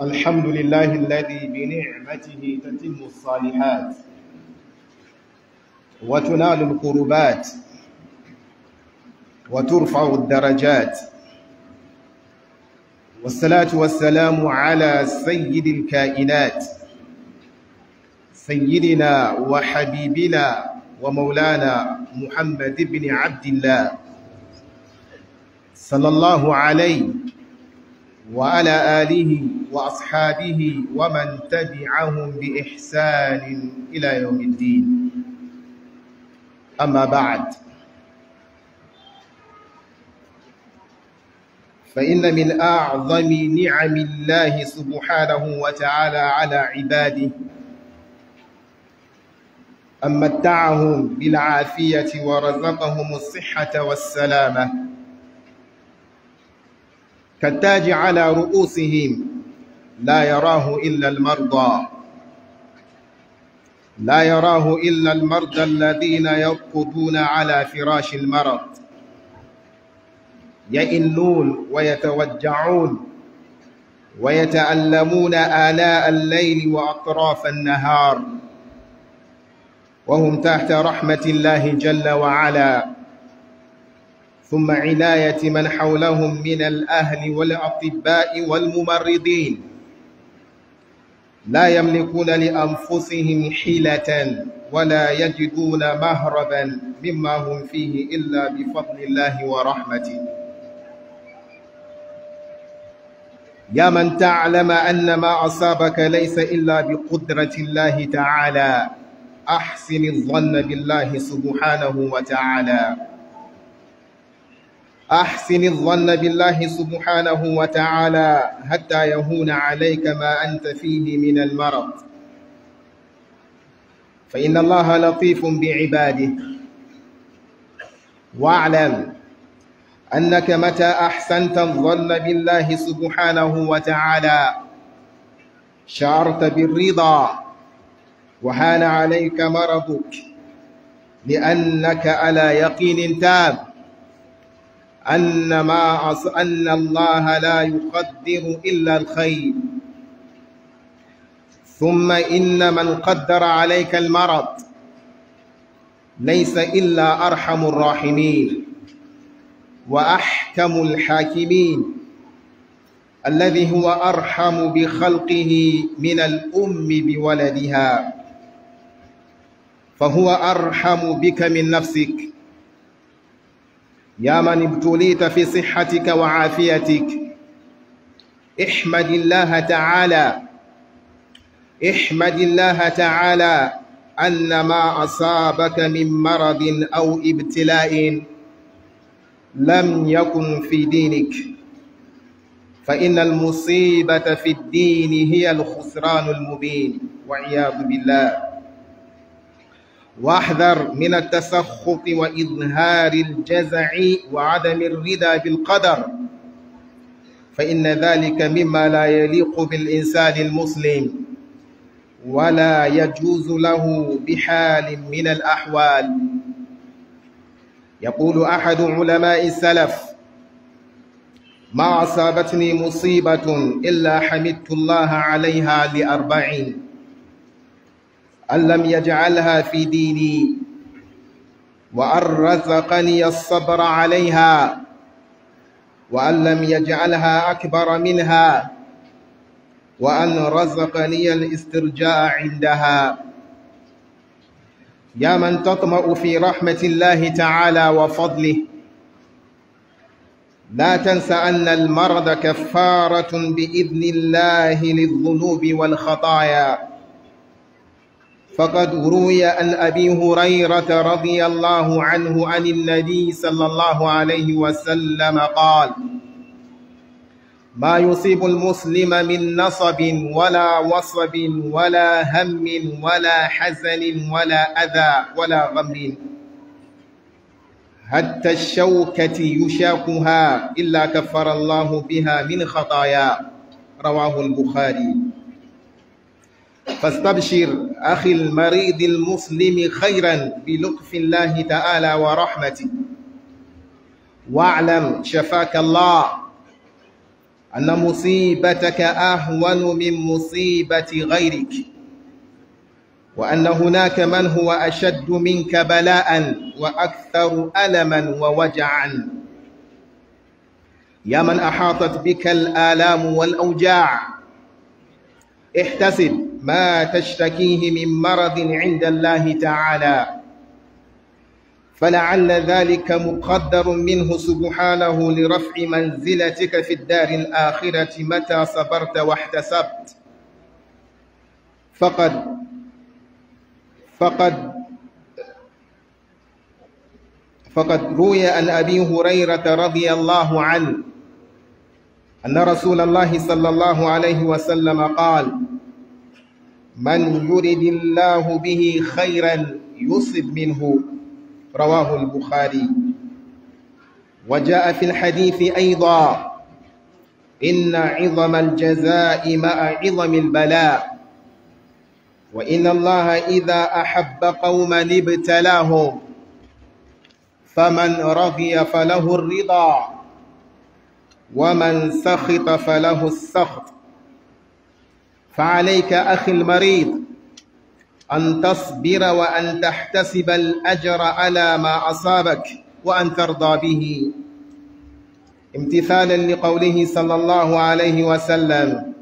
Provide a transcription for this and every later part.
الحمد لله الذي بنعمته تتم الصالحات وتنال القربات وترفع الدرجات والصلاة والسلام على سيد الكائنات سيدنا وحبيبنا ومولانا محمد بن عبد الله صلى الله عليه وعلى آله وأصحابه ومن تبعهم بإحسان إلى يوم الدين أما بعد فإن من أعظم نعم الله سبحانه وتعالى على عباده أن متعهم بالعافية ورزقهم الصحة والسلامة كالتاج على رؤوسهم لا يراه إلا المرضى لا يراه إلا المرضى الذين يرقدون على فراش المرض يئنون ويتوجعون ويتألمون آلاء الليل وأطراف النهار وهم تحت رحمة الله جل وعلا ثم عناية من حولهم من الأهل والأطباء والممرضين لا يملكون لأنفسهم حيلة ولا يجدون مهربا مما هم فيه إلا بفضل الله ورحمته يا من تعلم أن ما أصابك ليس إلا بقدرة الله تعالى أحسن الظن بالله سبحانه وتعالى أحسن الظن بالله سبحانه وتعالى حتى يهون عليك ما أنت فيه من المرض فإن الله لطيف بعباده واعلم أنك متى أحسنت الظن بالله سبحانه وتعالى شعرت بالرضا وهان عليك مرضك لأنك على يقين تام أن, ما أص... أن الله لا يقدر إلا الخير ثم إن من قدر عليك المرض ليس إلا أرحم الراحمين وأحكم الحاكمين الذي هو أرحم بخلقه من الأم بولدها فهو أرحم بك من نفسك يا من ابتليت في صحتك وعافيتك احمد الله تعالى احمد الله تعالى أن ما أصابك من مرض أو ابتلاء لم يكن في دينك فإن المصيبة في الدين هي الخسران المبين وعياذ بالله واحذر من التسخط وإظهار الجزع وعدم الرضا بالقدر فإن ذلك مما لا يليق بالإنسان المسلم ولا يجوز له بحال من الأحوال يقول أحد علماء السلف ما أصابتني مصيبة إلا حمدت الله عليها لأربعين أن لم يجعلها في ديني وأن رزقني الصبر عليها وأن لم يجعلها أكبر منها وأن رزقني الاسترجاع عندها يا من تطمأ في رحمة الله تعالى وفضله لا تنس أن المرض كفارة بإذن الله للذنوب والخطايا فقد روي عن أبي هريرة رضي الله عنه عن النبي صلى الله عليه وسلم قال ما يصيب المسلم من نصب ولا وصب ولا هم ولا حزن ولا أذى ولا غم حتى الشوكة يشاقها إلا كفر الله بها من خطايا رواه البخاري فاستبشر أخي المريض المسلم خيرا بلطف الله تعالى ورحمته واعلم شفاك الله أن مصيبتك أهون من مصيبة غيرك وأن هناك من هو أشد منك بلاء وأكثر ألما ووجعا يا من أحاطت بك الآلام والأوجاع احتسب ما تشتكيه من مرض عند الله تعالى فلعل ذلك مقدر منه سبحانه لرفع منزلتك في الدار الآخرة متى صبرت واحتسبت فقد فقد فقد روي عن أبي هريرة رضي الله عنه أن رسول الله صلى الله عليه وسلم قال من يرد الله به خيرا يصب منه رواه البخاري وجاء في الحديث أيضا إن عظم الجزاء مع عظم البلاء وإن الله إذا أحب قوما ابتلاهم فمن رضي فله الرضا ومن سخط فله السخط فعليك أخي المريض أن تصبر وأن تحتسب الأجر على ما أصابك وأن ترضى به امتثالا لقوله صلى الله عليه وسلم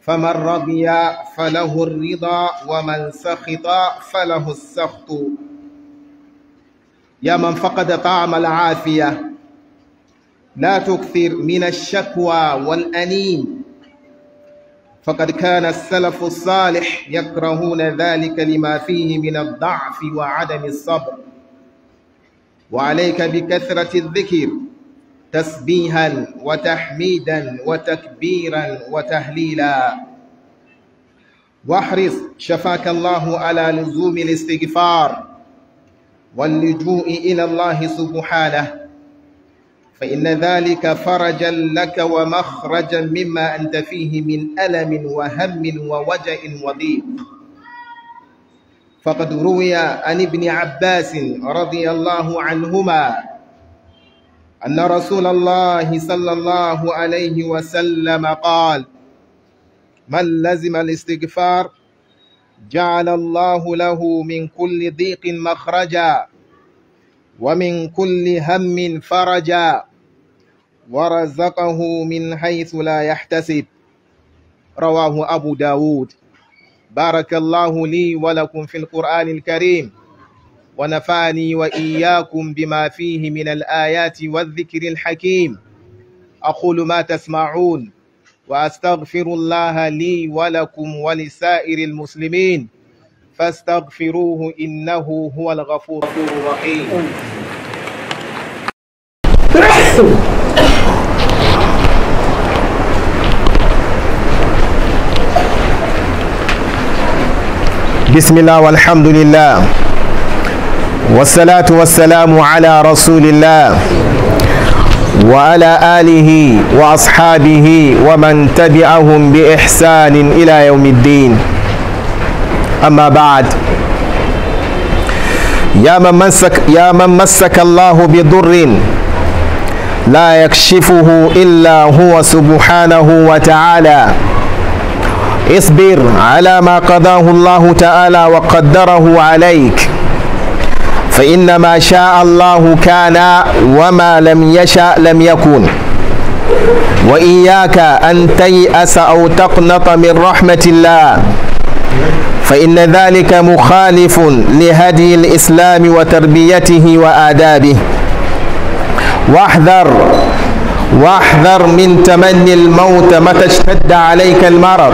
فمن رضي فله الرضا ومن سخط فله السخط يا من فقد طعم العافية لا تكثر من الشكوى والأنين فقد كان السلف الصالح يكرهون ذلك لما فيه من الضعف وعدم الصبر وعليك بكثرة الذكر تسبيها وتحميدا وتكبيرا وتهليلا واحرص شفاك الله على لزوم الاستغفار واللجوء إلى الله سبحانه فإن ذلك فرجا لك ومخرجا مما أنت فيه من ألم وهم ووجع وضيق فقد روي عن ابن عباس رضي الله عنهما أن رسول الله صلى الله عليه وسلم قال من لزم الاستغفار جعل الله له من كل ضيق مخرجا ومن كل هم فرجا ورزقه من حيث لا يحتسب رواه أبو داود بارك الله لي ولكم في القرآن الكريم ونفعني وإياكم بما فيه من الآيات والذكر الحكيم أقول ما تسمعون وأستغفر الله لي ولكم ولسائر المسلمين فاستغفروه إنه هو الغفور الرحيم بسم الله والحمد لله والصلاة والسلام على رسول الله وعلى آله وأصحابه ومن تبعهم بإحسان إلى يوم الدين أما بعد يا من مسك يا من مسك الله بضر لا يكشفه إلا هو سبحانه وتعالى اصبر على ما قضاه الله تعالى وقدره عليك فإن ما شاء الله كان وما لم يشاء لم يكن وإياك أن تيأس أو تقنط من رحمة الله فإن ذلك مخالف لهدي الإسلام وتربيته وآدابه واحذر واحذر من تمني الموت متى اشتد عليك المرض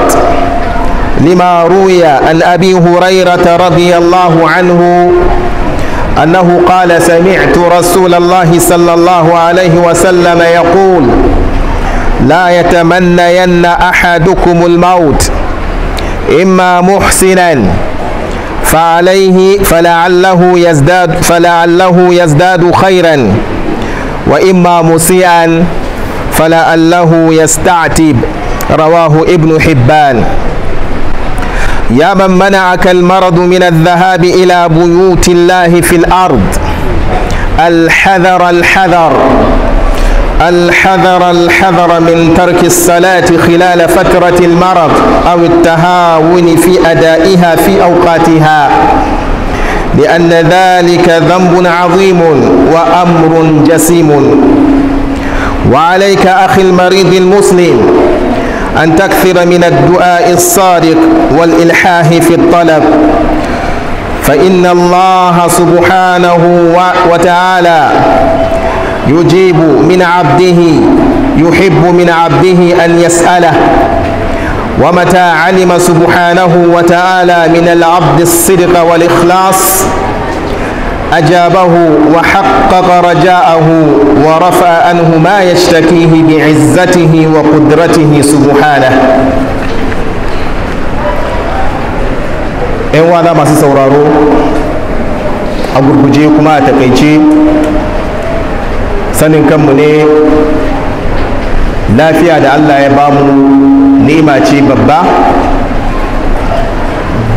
لما روي عن ابي هريره رضي الله عنه انه قال سمعت رسول الله صلى الله عليه وسلم يقول لا يتمنين احدكم الموت اما محسنا فعليه فلعله يزداد فلعله يزداد خيرا واما مسيئا فلعله يستعتب رواه ابن حبان يا من منعك المرض من الذهاب إلى بيوت الله في الأرض الحذر الحذر الحذر الحذر من ترك الصلاة خلال فترة المرض أو التهاون في أدائها في أوقاتها لأن ذلك ذنب عظيم وأمر جسيم وعليك أخي المريض المسلم أن تكثر من الدعاء الصادق والإلحاح في الطلب فإن الله سبحانه وتعالى يجيب من عبده يحب من عبده أن يسأله ومتى علم سبحانه وتعالى من العبد الصدق والإخلاص أجابه وحقق رجاءه ورفع عنه ما يشتكيه بعزته وقدرته سبحانه ‘yan wana masu sauraro a gurguje kuma a takaice sanin kanmu ne lafiya da allah ya bamu nema ce babba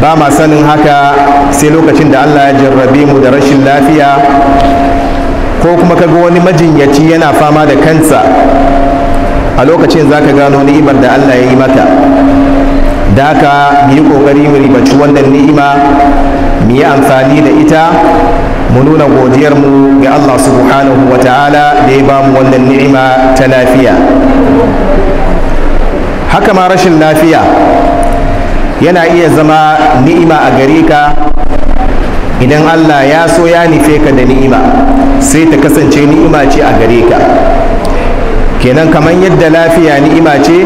ba ma sanin haka sai lokacin da allah ya jarrabe mu da rashin lafiya ko kuma kaga wani majinyaci yana fama da kansa a lokacin za ka gano ni'imar da allah ya yi maka da haka mu yi ƙoƙari mu ribaci wannan ni'ima mu yi amfani da ita mu nuna godiyar mu ga Allah subhanahu wa ta'ala da ya bamu wannan ni'ima ta lafiya haka ma rashin lafiya yana iya zama ni'ima a gare ka idan allah ya so ya nufe ka da ni'ima sai ta kasance ni'ima ce a gare ka kenan kamar yadda lafiya ni'ima ce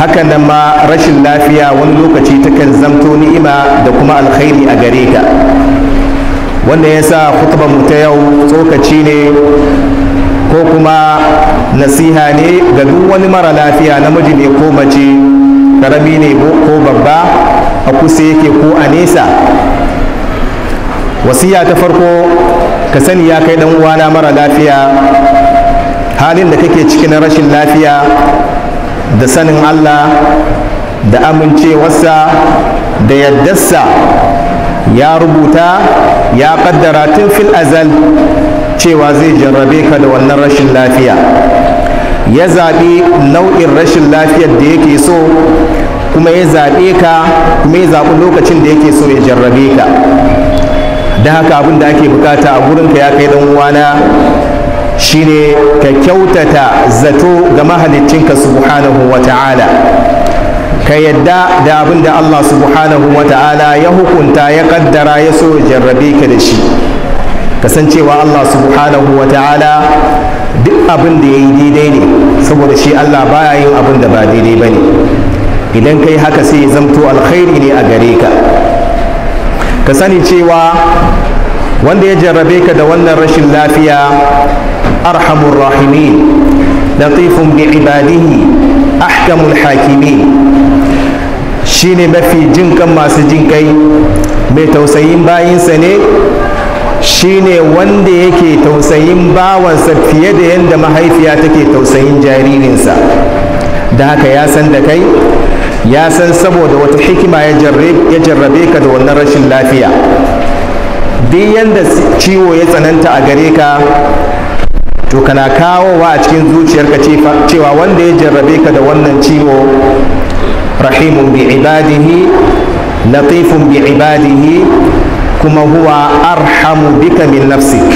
haka nan ma rashin lafiya wani lokaci takan zamto ni'ima da kuma alkhairi a gare ka wanda ya sa mu ta yau tsokaci ne ko kuma nasiha ne ga duk wani mara lafiya namiji ne ko mace karami ne ko babba a kusa yake ko a nesa wasiya ta farko ka sani ya kai dan uwana mara lafiya halin da kake cikin rashin lafiya da sanin allah da amincewarsa da yaddarsa ya rubuta ya kaddara tun fil azal cewa zai jarrabe ka da wannan rashin lafiya ya zaɓi nau'in rashin lafiyar da yake so kuma ya zaɓe ka kuma ya zaɓi lokacin da yake so ya jarrabe ka da haka abin da ake bukata a gurinka ya kai dan uwana shine ka kyautata zato ga mahalicinka subhanahu wa ta'ala ka yadda da abin da Allah subhanahu wa ta'ala ya hukunta ya kaddara ya so ya jarrabe ka da shi kasancewa Allah subhanahu wa ta'ala duk abin da ya yi daidai ne saboda shi allah baya yin abin da ba daidai ba ne idan kai haka sai zamto alkhairi ne a gare ka ka sani cewa wanda ya jarrabe ka da wannan rashin lafiya arhamur rahimin latifun bi ibadihi ahkamul shi shine mafi jin kan masu jinkai mai tausayin bayinsa ne shine wanda yake tausayin bawansa fiye da yadda mahaifiya take tausayin jaririnsa da haka ya san da kai ya san saboda wata hikima ya jarrabe ka da wannan rashin lafiya duk yadda ciwo ya tsananta a gare ka to kana kawowa a cikin zuciyarka cewa wanda ya jarrabe ka da wannan ciwo rahimun bi ibadihi latifun bi ibadihi kuma huwa arhamu bika min nafsik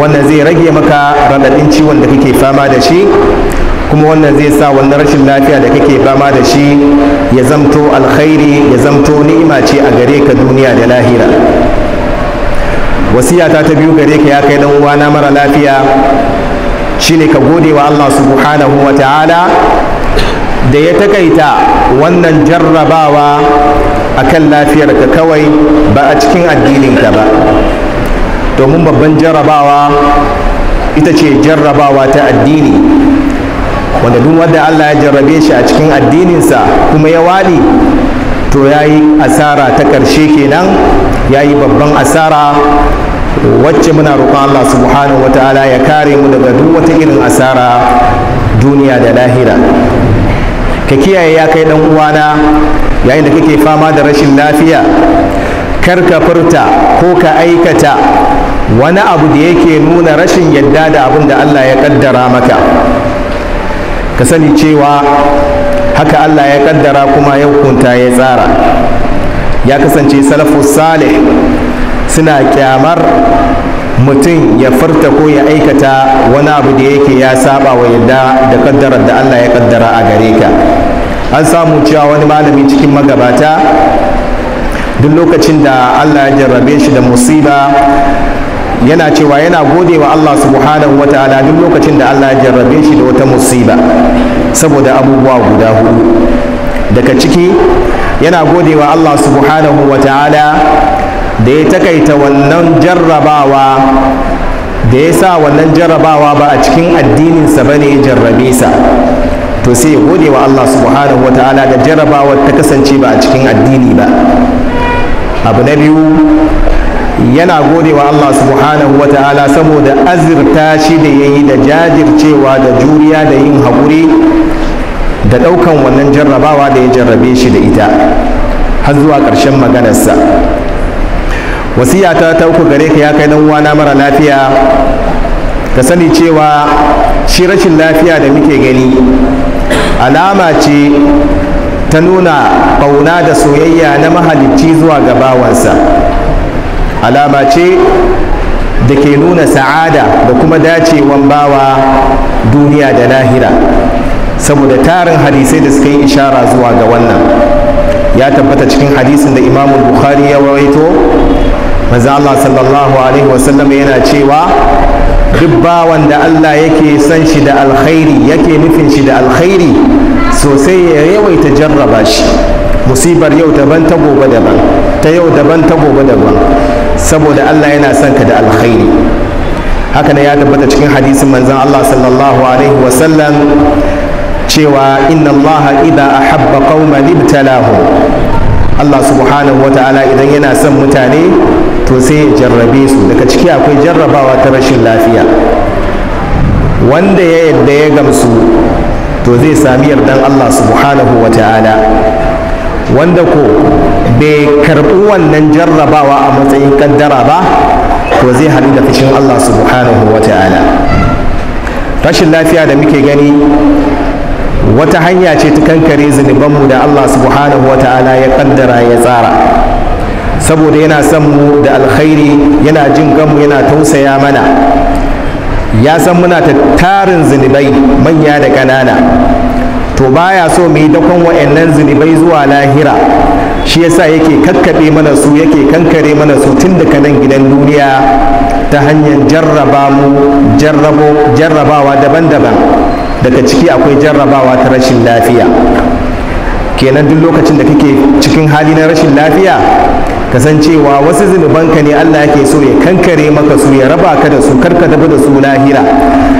wannan zai rage maka raɗaɗin ciwon da kake fama da shi kuma wannan zai sa wannan rashin lafiya da kake fama da shi ya zamto alkhairi ya zamto ni'ima ce a gare ka duniya da lahira wasiyata ta biyu gare ka ya kai dan uwana mara lafiya shine ka gode wa Allah subhanahu wa ta'ala da ya takaita wannan jarrabawa a lafiyar lafiyarka kawai ba a cikin addininka ba domin babban jarrabawa ita ce jarrabawa ta addini wanda duk wanda Allah ya jarrabe shi a cikin addininsa kuma ya wali to ya yi asara ta ƙarshe kenan ya yi babban asara wacce muna roƙon Allah subhanahu wata'ala ya kare mu daga duk wata irin asara duniya da lahira ka kiyaye ya kai ɗan uwana yayin da kake fama da rashin lafiya kar ka furta ko ka aikata wani abu da yake nuna rashin yadda da abin da Allah ya kaddara maka ka sani cewa haka Allah ya kaddara kuma ya hukunta ya tsara ya kasance salafu salih suna kyamar mutum ya furta ko ya aikata wani abu da yake ya saba wa yadda da kaddarar da Allah ya kaddara a gare ka an samu cewa wani malami cikin magabata duk lokacin da allah ya jarrabe shi da musiba yana cewa yana gode wa allah subhanahu wa ta'ala duk lokacin da allah ya jarrabe shi da wata musiba saboda abubuwa guda hudu daga ciki yana gode wa allah subhanahu wa ta'ala da ya takaita wannan jarrabawa da ya sa wannan jarrabawa ba a cikin addininsa ba ne jarrabe sa to sai ya gode wa Allah subhanahu wa ta'ala da jarabawa ta kasance ba a cikin addini ba abu na biyu yana gode wa Allah subhanahu wa ta'ala saboda azirta shi da ya yi da jajircewa da juriya da yin haƙuri da ɗaukan wannan jarrabawa da ya jarrabe shi da ita har zuwa ƙarshen maganarsa wasiya ta ta uku gare ka ya kai dan uwana mara lafiya ka sani cewa shi rashin lafiya da muke gani alama ce ta nuna ƙauna da soyayya na mahalicci zuwa gabawansa. alama ce da ke nuna sa'ada da kuma dacewan bawa duniya da lahira saboda tarin hadisai da suka yi ishara zuwa ga wannan ya tabbata cikin hadisin da imamu bukhari ya waito. mazala Allah sallallahu alaihi wasallam yana cewa duk bawan da Allah yake san shi da alkhairi yake nufin shi da alkhairi sosai ya yawaita jarraba shi musibar yau daban ta gobe daban ta yau daban ta gobe daban saboda Allah yana son ka da alkhairi haka ne ya tabbata cikin hadisin manzon Allah sallallahu alaihi wa sallam cewa inna Allah idza ahabba qauman ibtalahu Allah subhanahu wa idan yana son mutane to sai ya jarrabe su daga ciki akwai jarrabawa ta rashin lafiya wanda ya yadda ya gamsu to zai sami yardan Allah subhanahu wa ta'ala wanda ko bai karɓi wannan jarrabawa a matsayin kaddara ba to zai haɗu da fashin Allah subhanahu wa ta'ala rashin lafiya da muke gani wata hanya ce ta kankare zunubanmu da Allah subhanahu wa ta'ala ya kaddara ya tsara saboda yana son mu da alkhairi yana jin ganmu yana tausaya mana ya san muna ta tarin zunubai manya da ƙanana to baya so mu yi dakon wa'annan zunubai zuwa lahira shi yasa yake kakkaɓe mana su yake kankare mana su tun daga nan gidan duniya ta hanyar jarraba mu jarrabawa daban-daban daga ciki akwai jarrabawa ta rashin lafiya kenan duk lokacin da kake cikin hali na rashin lafiya kasancewa wasu zunubanka ne Allah yake so ya kankare maka su ya raba ka da su karka tafi da su lahira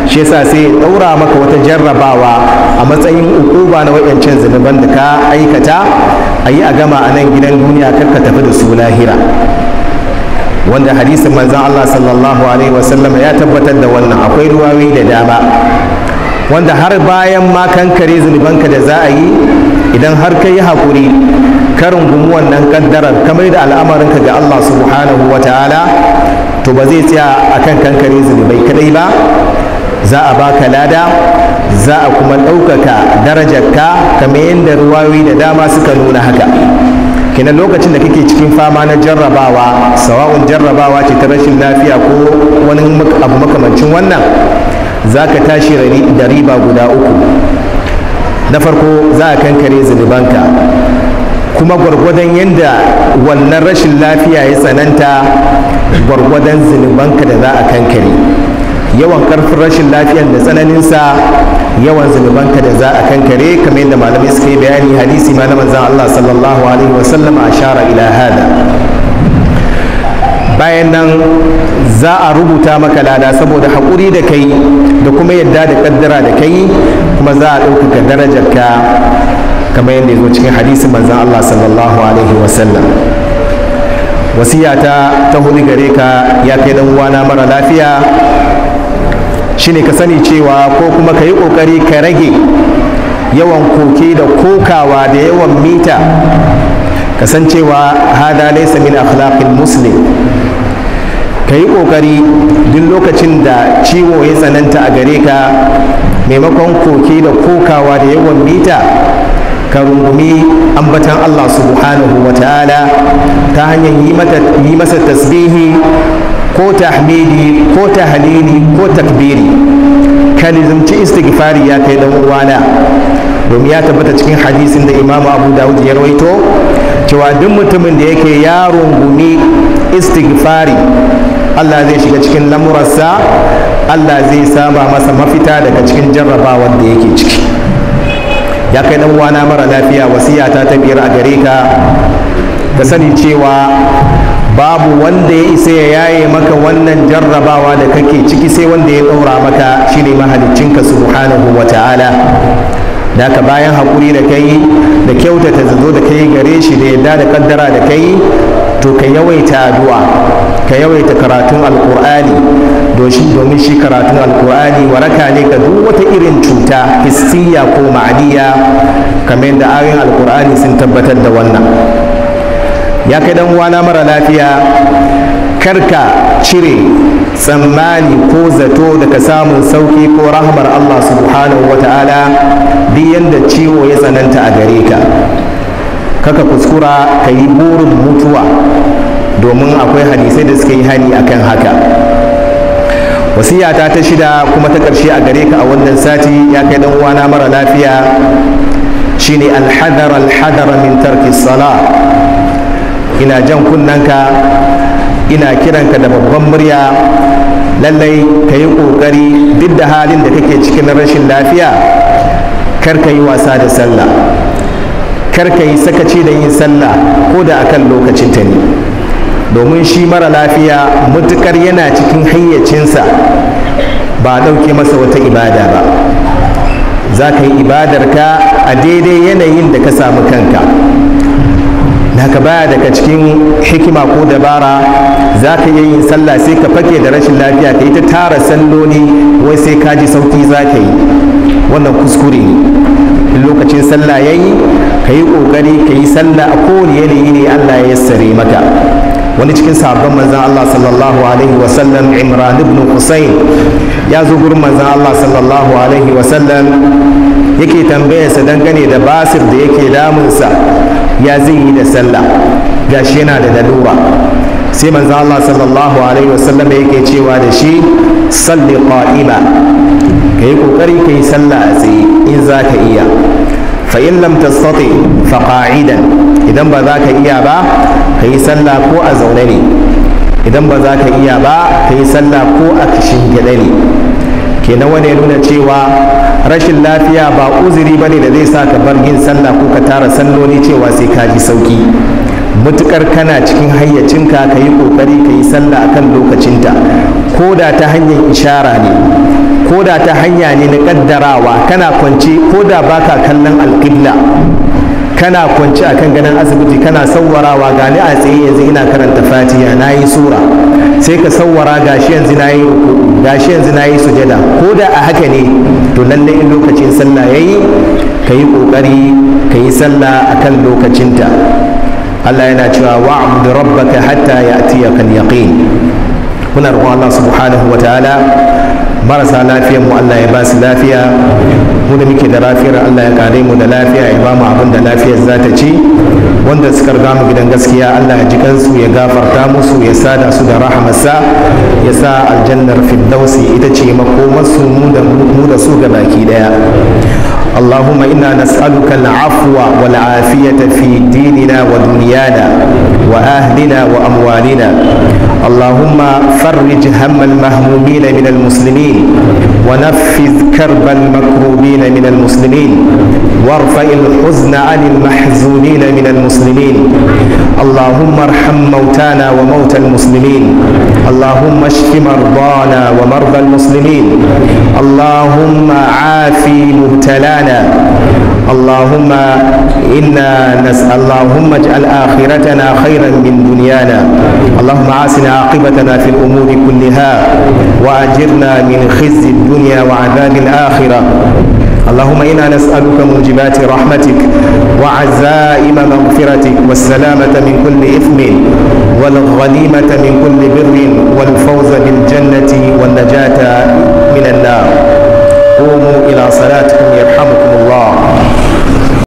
shi yasa sai ya daura maka wata jarrabawa a matsayin ukuba na wayancan zunuban da ka aikata ayi a gama a nan gidan duniya karka tafi da su lahira wanda hadisin manzan Allah sallallahu alaihi wasallam ya tabbatar da wannan akwai ruwawi da dama wanda har bayan ma kankare zunubanka da za a yi idan har ka yi haƙuri karin gumu wannan kaddarar kamar da al'amarinka ga Allah subhanahu wa ta'ala to ba zai tsaya akan kankare zunubai kadai ba za a baka lada za a kuma ɗaukaka darajarka kamar yadda ruwayoyi da dama suka nuna haka kenan lokacin da kake cikin fama na jarrabawa sawa'un jarrabawa ce ta rashin lafiya ko wani abu makamancin wannan za ka tashi da riba guda uku na farko za a kankare zunubanka kuma gwargwadon yadda wannan rashin lafiya ya tsananta gwargwadon zunubanka da za a kankare yawan karfin rashin lafiyar da tsananinsa yawan zunubanka da za a kankare kamar yadda malamai suka yi bayani hadisi ma na manzan Allah sallallahu alaihi wasallam a shara ila hada bayan nan za a rubuta maka lada saboda haƙuri da kai da kuma yadda da kaddara da kai kuma za a ɗaukaka ka. kamar yadda ya zo cikin hadisin manzan Allah sallallahu alaihi wasallam wasiya ta ta hudu gare ka ya kai dan uwana mara lafiya shine ka sani cewa ko kuma ka yi kokari ka rage yawan koke da kokawa da yawan mita kasancewa hada laysa min akhlaqil muslim ka yi kokari duk lokacin da ciwo ya tsananta a gare ka maimakon koke da kokawa da yawan mita ka rungumi ambatan Allah subhanahu wa ta'ala ta hanyar yi masa tasbihi ko tahmidi ko tahlili ko takbiri ka nizamci istighfari ya kai dan uwana domin ya tabbata cikin hadisin da imamu abu dawud ya rawaito cewa duk mutumin da yake ya rungumi istighfari allah zai shiga cikin lamurarsa allah zai sama masa mafita daga cikin jarrabawar da yake ciki ya kai dan uwana mara lafiya wasiya ta ta biyar a gare ka ka sani cewa babu wanda ya isa ya yaye maka wannan jarrabawa da kake ciki sai wanda ya daura maka shine mahaliccinka subhanahu wa ta'ala da ka bayan hakuri da kai da kyautata zazo da kai gare shi da yadda da kaddara da kai to ka yawaita addu'a ka yawaita karatun alkur'ani domin shi karatun alkur'ani waraka ne ga duk wata irin cuta hissiya ko ma'adiya kamar da ayoyin alkur'ani sun tabbatar da wannan ya kai dan uwana mara lafiya karka cire tsammani ko zato daga samun sauki ko rahmar Allah subhanahu wa ta'ala duk yadda ciwo ya tsananta a gare ka kaka kuskura ka yi burin mutuwa domin akwai hadisai da suka yi hani akan haka wasiyata ta shida kuma ta ƙarshe a gare ka a wannan sati ya kai dan uwana mara lafiya shine alhadar alhadar min tarki sala ina jan kunnanka ina kiranka da babban murya lallai ka yi ƙoƙari duk da halin da kake cikin rashin lafiya kar ka yi wasa da sallah kar ka yi sakaci da yin sallah ko da akan lokacinta ne domin shi mara lafiya mutukar yana cikin hayyacinsa ba a ɗauke masa wata ibada ba za ka yi ka a daidai yanayin da ka samu kanka haka baya daga cikin hikima ko dabara za ka yi yin sallah sai ka fake da rashin lafiya ka yi ta tara salloli wai sai ka ji sauki za ka yi wannan kuskure ne lokacin sallah ya yi ka yi ƙoƙari ka yi sallah a kowane yanayi ne allah ya yassare maka wani cikin sabon manzan Allah sallallahu alaihi wasallam Imran ibn Hussein ya zo gurin manzan Allah sallallahu alaihi wasallam yake tambayarsa dangane da basir da yake damunsa ya zai yi da sallah gashi yana da dalura sai manzan Allah sallallahu alaihi wasallam yake cewa da shi salli qa'ima ka yi kokari ka yi sallah a tsaye in za ka iya fa in lam idan ba za ka iya ba ka yi sallah ko a zaune ne idan ba za ka iya ba ka yi sallah ko a kishin gida ne kenan wani ya nuna cewa rashin lafiya ba uzuri ne da zai sa ka bar yin sallah ko ka tara salloli cewa sai ka ji sauki mutukar kana cikin hayyacinka ka yi ƙoƙari ka yi sallah akan lokacinta ko da ta hanyar ishara ne Koda ta hanya ne na kaddarawa kana kwance ko baka kallon alƙibla kana kwance a kan ganin asibiti kana sawarawa ga a tsaye yanzu ina karanta fatiha na yi sura sai ka ga shi yanzu na yi shi yanzu na yi sujada ko da a haka ne to lallai in lokacin sallah ya yi ka yi ƙoƙari ka yi sallah a kan lokacinta allah yana cewa rabba rabbaka hatta ya ya'tiyaka kan yaqin muna roƙon allah subhanahu wa ta'ala marasa lafiyar mu Allah ya ba su lafiya mu da muke da lafiyar Allah ya kare mu da lafiya ya ba mu abin da lafiyar za ta ci wanda suka riga mu gidan gaskiya Allah ya ji kansu ya gafarta musu ya sada su da rahamarsa ya sa aljannar firdausi ita ce makomarsu mu da su ga baki daya اللهم إنا نسألك العفو والعافية في ديننا ودنيانا وأهلنا وأموالنا اللهم فرج هم المهمومين من المسلمين ونفذ كرب المكروبين من المسلمين وارفع الحزن عن المحزونين من المسلمين اللهم ارحم موتانا وموتى المسلمين اللهم اشف مرضانا ومرضى المسلمين اللهم عاف مبتلانا اللهم إنا نسأل اللهم اجعل آخرتنا خيرا من دنيانا اللهم عاسنا عاقبتنا في الأمور كلها وأجرنا من خزي الدنيا وعذاب الآخرة اللهم إنا نسألك موجبات رحمتك وعزائم مغفرتك والسلامة من كل إثم والغنيمة من كل بر والفوز بالجنة والنجاة من النار قوموا إلى صلاتكم يرحمكم